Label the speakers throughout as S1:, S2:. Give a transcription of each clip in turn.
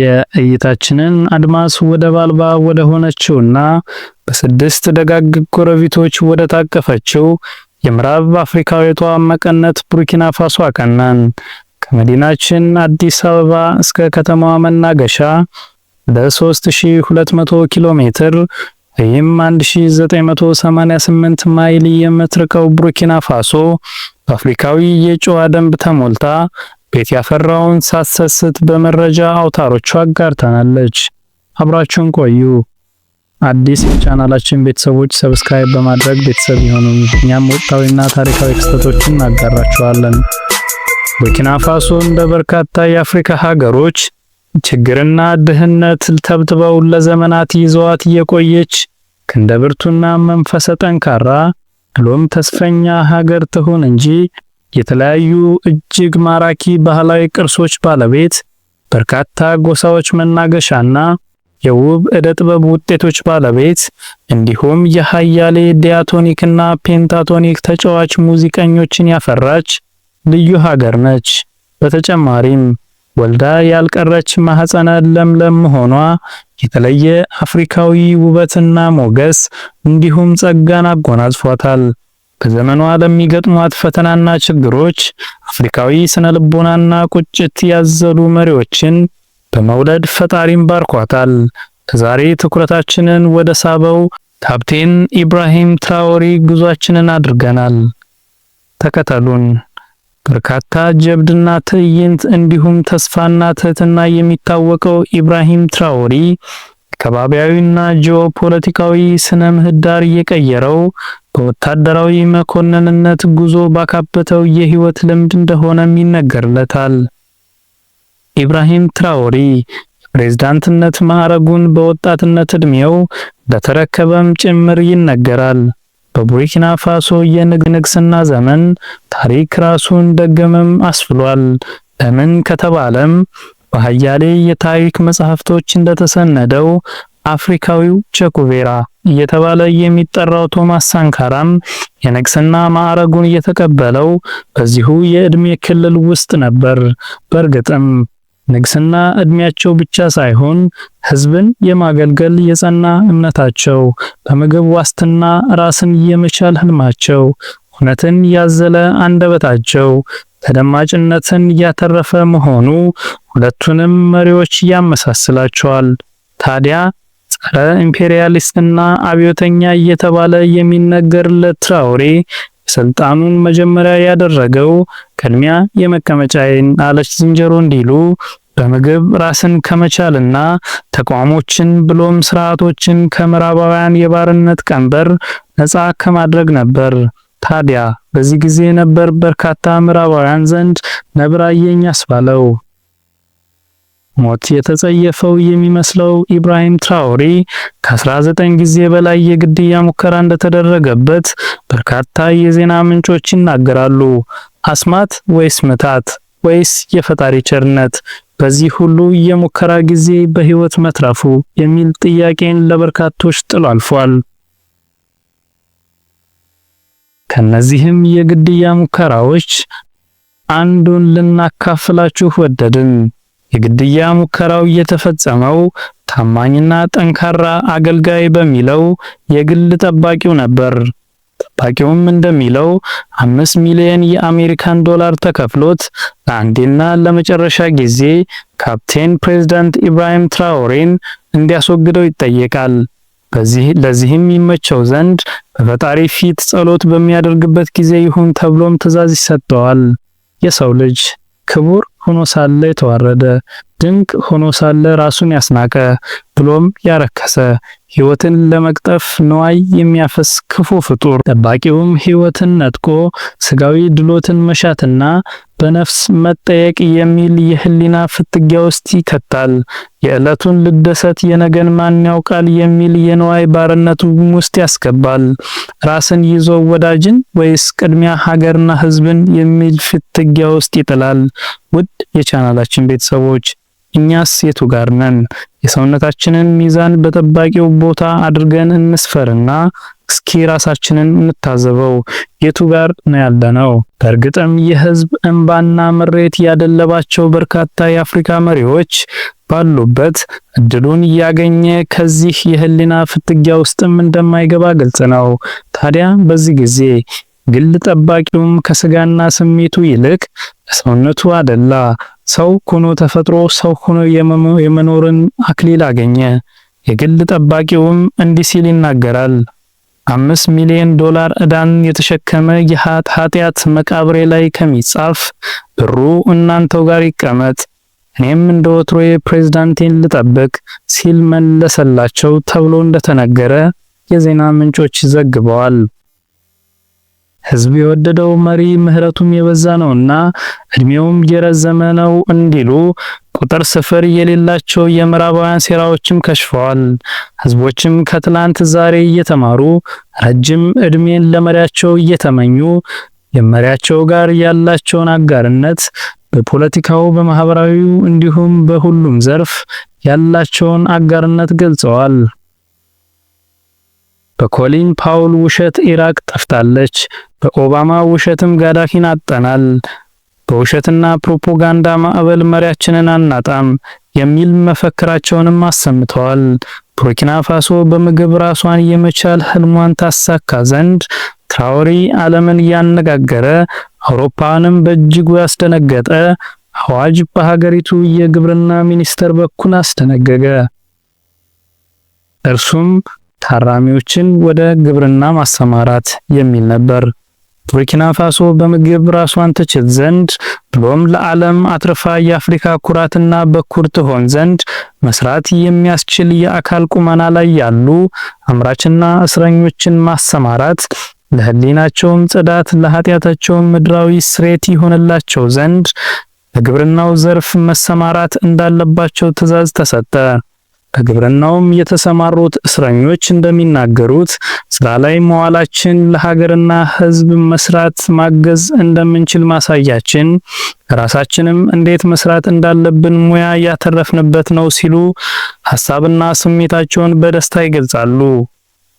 S1: የእይታችንን አድማስ ወደ ባልባ ወደ ሆነችውና በስድስት ደጋግ ጎረቤቶች ወደ ታቀፈችው የምዕራብ አፍሪካዊቷ መቀነት ቡርኪና ፋሶ አቀናን። ከመዲናችን አዲስ አበባ እስከ ከተማዋ መናገሻ ለ3200 ኪሎ ሜትር ወይም 1988 ማይል የምትርቀው ቡርኪና ፋሶ በአፍሪካዊ የጨዋ ደንብ ተሞልታ ቤት ያፈራውን ሳትሰስት በመረጃ አውታሮቹ አጋርተናለች። አብራችሁን ቆዩ። አዲስ የቻናላችን ቤተሰቦች ሰብስክራይብ በማድረግ ቤተሰብ ይሆኑ። እኛም ወቅታዊና ታሪካዊ ክስተቶችን እናጋራችኋለን። ቡርኪና ፋሶ እንደ በርካታ የአፍሪካ ሀገሮች ችግርና ድህነት ተብትበው ለዘመናት ይዘዋት ክንደ ክንደብርቱና መንፈሰ ጠንካራ ብሎም ተስፈኛ ሀገር ትሁን እንጂ የተለያዩ እጅግ ማራኪ ባህላዊ ቅርሶች ባለቤት፣ በርካታ ጎሳዎች መናገሻና የውብ ዕደ ጥበብ ውጤቶች ባለቤት እንዲሁም የሃያሌ ዲያቶኒክና ፔንታቶኒክ ተጫዋች ሙዚቀኞችን ያፈራች ልዩ ሀገር ነች። በተጨማሪም ወልዳ ያልቀረች ማህፀነ ለምለም መሆኗ የተለየ አፍሪካዊ ውበትና ሞገስ እንዲሁም ጸጋን አጎናጽፏታል። በዘመኗ ለሚገጥሟት ፈተናና ችግሮች አፍሪካዊ ስነ ልቦናና ቁጭት ያዘሉ መሪዎችን በመውለድ ፈጣሪም ባርኳታል። ዛሬ ትኩረታችንን ወደ ሳበው ካፕቴን ኢብራሂም ትራኦሬ ጉዟችንን አድርገናል። ተከተሉን። በርካታ ጀብድና ትዕይንት እንዲሁም ተስፋና ትህትና የሚታወቀው ኢብራሂም ትራኦሬ አካባቢያዊና ጂኦፖለቲካዊ ስነ ምህዳር እየቀየረው በወታደራዊ መኮንንነት ጉዞ ባካበተው የህይወት ልምድ እንደሆነም ይነገርለታል። ኢብራሂም ትራኦሪ የፕሬዝዳንትነት ማዕረጉን በወጣትነት እድሜው በተረከበም ጭምር ይነገራል። በቡርኪና ፋሶ የንግስና ዘመን ታሪክ ራሱን ደገመም አስፍሏል። ለምን ከተባለም በአያሌ የታሪክ መጽሐፍቶች እንደተሰነደው አፍሪካዊው ቸኩቬራ እየተባለ የሚጠራው ቶማስ ሳንካራም የንግስና ማዕረጉን የተቀበለው በዚሁ የእድሜ ክልል ውስጥ ነበር። በእርግጥም ንግስና እድሜያቸው ብቻ ሳይሆን ህዝብን የማገልገል የጸና እምነታቸው፣ በምግብ ዋስትና ራስን የመቻል ህልማቸው፣ እውነትን ያዘለ አንደበታቸው ተደማጭነትን ያተረፈ መሆኑ ሁለቱንም መሪዎች ያመሳስላቸዋል። ታዲያ ጸረ ኢምፔሪያሊስትና አብዮተኛ እየተባለ የሚነገርለት ትራውሬ ስልጣኑን መጀመሪያ ያደረገው ቅድሚያ የመቀመጫዬን አለች ዝንጀሮ እንዲሉ በምግብ ራስን ከመቻልና ተቋሞችን ብሎም ስርዓቶችን ከምዕራባውያን የባርነት ቀንበር ነጻ ከማድረግ ነበር። ታዲያ በዚህ ጊዜ ነበር በርካታ ምዕራባውያን ዘንድ ነብራየኝ አስባለው። ሞት የተጸየፈው የሚመስለው ኢብራሂም ትራውሬ ከ19 ጊዜ በላይ የግድያ ሙከራ እንደተደረገበት በርካታ የዜና ምንጮች ይናገራሉ። አስማት ወይስ ምታት ወይስ የፈጣሪ ቸርነት? በዚህ ሁሉ የሙከራ ጊዜ በህይወት መትረፉ የሚል ጥያቄን ለበርካቶች ጥሎ አልፏል። ከነዚህም የግድያ ሙከራዎች አንዱን ልናካፍላችሁ ወደድን። የግድያ ሙከራው የተፈጸመው ታማኝና ጠንካራ አገልጋይ በሚለው የግል ጠባቂው ነበር። ጠባቂውም እንደሚለው አምስት ሚሊዮን የአሜሪካን ዶላር ተከፍሎት ለአንዴና ለመጨረሻ ጊዜ ካፕቴን ፕሬዝዳንት ኢብራሂም ትራኦሬን እንዲያስወግደው ይጠየቃል። በዚህ ለዚህም ይመቸው ዘንድ በፈጣሪ ፊት ጸሎት በሚያደርግበት ጊዜ ይሁን ተብሎም ትዕዛዝ ይሰጠዋል። የሰው ልጅ ክቡር ሆኖ ሳለ የተዋረደ ድንቅ ሆኖ ሳለ ራሱን ያስናቀ ብሎም ያረከሰ ሕይወትን ለመቅጠፍ ንዋይ የሚያፈስ ክፉ ፍጡር። ጠባቂውም ሕይወትን ነጥቆ ስጋዊ ድሎትን መሻትና በነፍስ መጠየቅ የሚል የህሊና ፍትጊያ ውስጥ ይከታል። የዕለቱን ልደሰት የነገን ማን ያውቃል የሚል የንዋይ ባርነቱ ውስጥ ያስገባል። ራስን ይዞ ወዳጅን ወይስ ቅድሚያ ሀገርና ህዝብን የሚል ፍትጊያ ውስጥ ይጥላል። ውድ የቻናላችን ቤተሰቦች እኛስ የቱ ጋር ነን? የሰውነታችንን ሚዛን በጠባቂው ቦታ አድርገን እንስፈርና እስኪ ራሳችንን እንታዘበው፣ የቱ ጋር ነው ያለነው? በእርግጥም የህዝብ እንባና ምሬት ያደለባቸው በርካታ የአፍሪካ መሪዎች ባሉበት እድሉን እያገኘ ከዚህ የህሊና ፍትጊያ ውስጥም እንደማይገባ ግልጽ ነው። ታዲያ በዚህ ጊዜ ግል ጠባቂውም ከስጋና ስሜቱ ይልቅ ሰውነቱ አደላ። ሰው ሆኖ ተፈጥሮ ሰው ሆኖ የመኖርን አክሊል አገኘ። የግል ጠባቂውም እንዲህ ሲል ይናገራል። አምስት ሚሊዮን ዶላር እዳን የተሸከመ የኃጢአት መቃብሬ ላይ ከሚጻፍ ብሩ እናንተው ጋር ይቀመጥ፣ እኔም እንደ ወትሮ የፕሬዝዳንቴን ልጠብቅ ሲል መለሰላቸው ተብሎ እንደተነገረ የዜና ምንጮች ዘግበዋል። ህዝብ የወደደው መሪ ምህረቱም የበዛ ነውና እድሜውም የረዘመ ነው እንዲሉ ቁጥር ስፍር የሌላቸው የምዕራባውያን ሴራዎችም ከሽፈዋል። ህዝቦችም ከትላንት ዛሬ እየተማሩ ረጅም እድሜን ለመሪያቸው እየተመኙ የመሪያቸው ጋር ያላቸውን አጋርነት በፖለቲካው፣ በማህበራዊው እንዲሁም በሁሉም ዘርፍ ያላቸውን አጋርነት ገልጸዋል። በኮሊን ፓውል ውሸት ኢራቅ ጠፍታለች። በኦባማ ውሸትም ጋዳፊን አጠናል፣ በውሸትና ፕሮፓጋንዳ ማዕበል መሪያችንን አናጣም የሚል መፈክራቸውንም አሰምተዋል። ቡርኪና ፋሶ በምግብ ራሷን የመቻል ህልሟን ታሳካ ዘንድ ትራውሪ ዓለምን ያነጋገረ አውሮፓንም በእጅጉ ያስደነገጠ አዋጅ በሀገሪቱ የግብርና ሚኒስቴር በኩል አስደነገገ። እርሱም ታራሚዎችን ወደ ግብርና ማሰማራት የሚል ነበር። ቡርኪና ፋሶ በምግብ ራሷን ትችል ዘንድ ብሎም ለዓለም አትርፋ የአፍሪካ ኩራትና በኩር ትሆን ዘንድ መስራት የሚያስችል የአካል ቁመና ላይ ያሉ አምራችና እስረኞችን ማሰማራት ለህሊናቸውም ጽዳት ለኃጢአታቸውም ምድራዊ ስሬት ይሆንላቸው ዘንድ በግብርናው ዘርፍ መሰማራት እንዳለባቸው ትዕዛዝ ተሰጠ። በግብርናውም የተሰማሩት እስረኞች እንደሚናገሩት ስራ ላይ መዋላችን ለሀገርና ሕዝብ መስራት ማገዝ እንደምንችል ማሳያችን ራሳችንም እንዴት መስራት እንዳለብን ሙያ ያተረፍንበት ነው ሲሉ ሀሳብና ስሜታቸውን በደስታ ይገልጻሉ።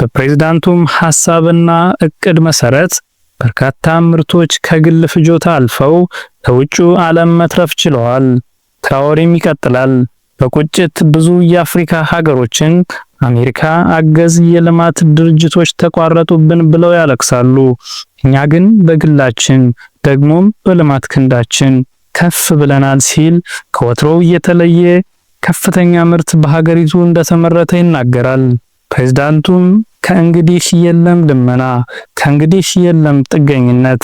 S1: በፕሬዝዳንቱም ሀሳብና እቅድ መሰረት በርካታ ምርቶች ከግል ፍጆታ አልፈው ለውጩ ዓለም መትረፍ ችለዋል። ትራኦሬም ይቀጥላል። በቁጭት ብዙ የአፍሪካ ሀገሮችን አሜሪካ አገዝ የልማት ድርጅቶች ተቋረጡብን ብለው ያለቅሳሉ። እኛ ግን በግላችን ደግሞም በልማት ክንዳችን ከፍ ብለናል ሲል ከወትሮው የተለየ ከፍተኛ ምርት በሀገሪቱ እንደተመረተ ይናገራል። ፕሬዝዳንቱም ከእንግዲህ የለም ልመና፣ ከእንግዲህ የለም ጥገኝነት።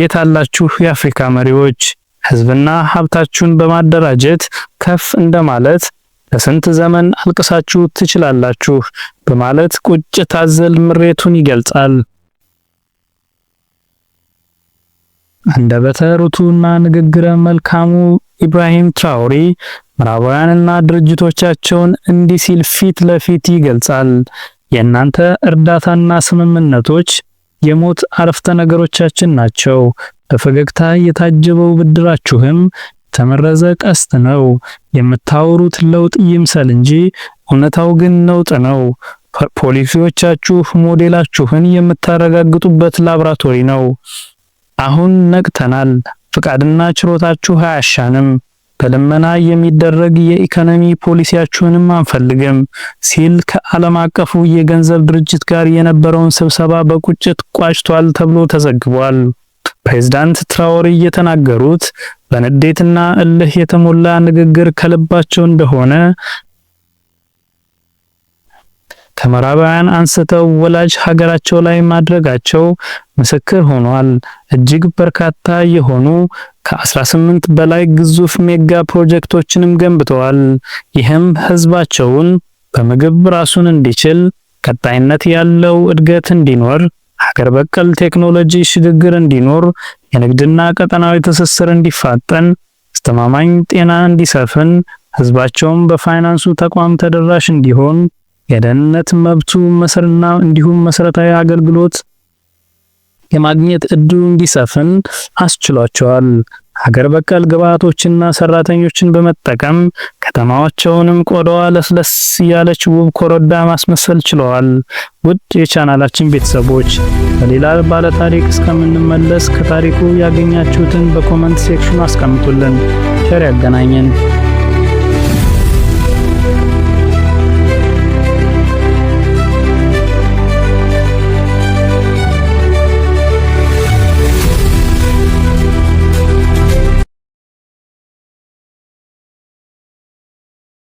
S1: የታላችሁ የአፍሪካ መሪዎች ህዝብና ሀብታችሁን በማደራጀት ከፍ እንደማለት ለስንት ዘመን አልቅሳችሁ ትችላላችሁ በማለት ቁጭት አዘል ምሬቱን ይገልጻል። አንደበተ ርቱዕና ንግግረ መልካሙ ኢብራሂም ትራኦሬ ምዕራባውያንና ድርጅቶቻቸውን እንዲህ ሲል ፊት ለፊት ይገልጻል። የእናንተ እርዳታና ስምምነቶች የሞት አረፍተ ነገሮቻችን ናቸው። በፈገግታ የታጀበው ብድራችሁም ተመረዘ ቀስት ነው። የምታወሩት ለውጥ ይምሰል እንጂ እውነታው ግን ነውጥ ነው። ፖሊሲዎቻችሁ ሞዴላችሁን የምታረጋግጡበት ላብራቶሪ ነው። አሁን ነቅተናል። ፍቃድና ችሮታችሁ አያሻንም። በልመና የሚደረግ የኢኮኖሚ ፖሊሲያችሁንም አንፈልግም ሲል ከዓለም አቀፉ የገንዘብ ድርጅት ጋር የነበረውን ስብሰባ በቁጭት ቋጭቷል ተብሎ ተዘግቧል። ፕሬዝዳንት ትራኦሬ እየተናገሩት በንዴትና እልህ የተሞላ ንግግር ከልባቸው እንደሆነ ከምዕራባውያን አንስተው ወላጅ ሀገራቸው ላይ ማድረጋቸው ምስክር ሆኗል። እጅግ በርካታ የሆኑ ከ18 በላይ ግዙፍ ሜጋ ፕሮጀክቶችንም ገንብተዋል። ይህም ህዝባቸውን በምግብ ራሱን እንዲችል ቀጣይነት ያለው እድገት እንዲኖር ሀገር በቀል ቴክኖሎጂ ሽግግር እንዲኖር፣ የንግድና ቀጠናዊ ትስስር እንዲፋጠን፣ አስተማማኝ ጤና እንዲሰፍን፣ ህዝባቸውም በፋይናንሱ ተቋም ተደራሽ እንዲሆን፣ የደህንነት መብቱ መስርና እንዲሁም መሰረታዊ አገልግሎት የማግኘት እድሉ እንዲሰፍን አስችሏቸዋል። ሀገር በቀል ግብዓቶችና ሰራተኞችን በመጠቀም ከተማዋቸውንም ቆዳዋ ለስለስ እያለች ውብ ኮረዳ ማስመሰል ችለዋል። ውድ የቻናላችን ቤተሰቦች በሌላ ባለታሪክ እስከምንመለስ ከታሪኩ ያገኛችሁትን በኮመንት ሴክሽኑ አስቀምጡልን። ቸር ያገናኘን።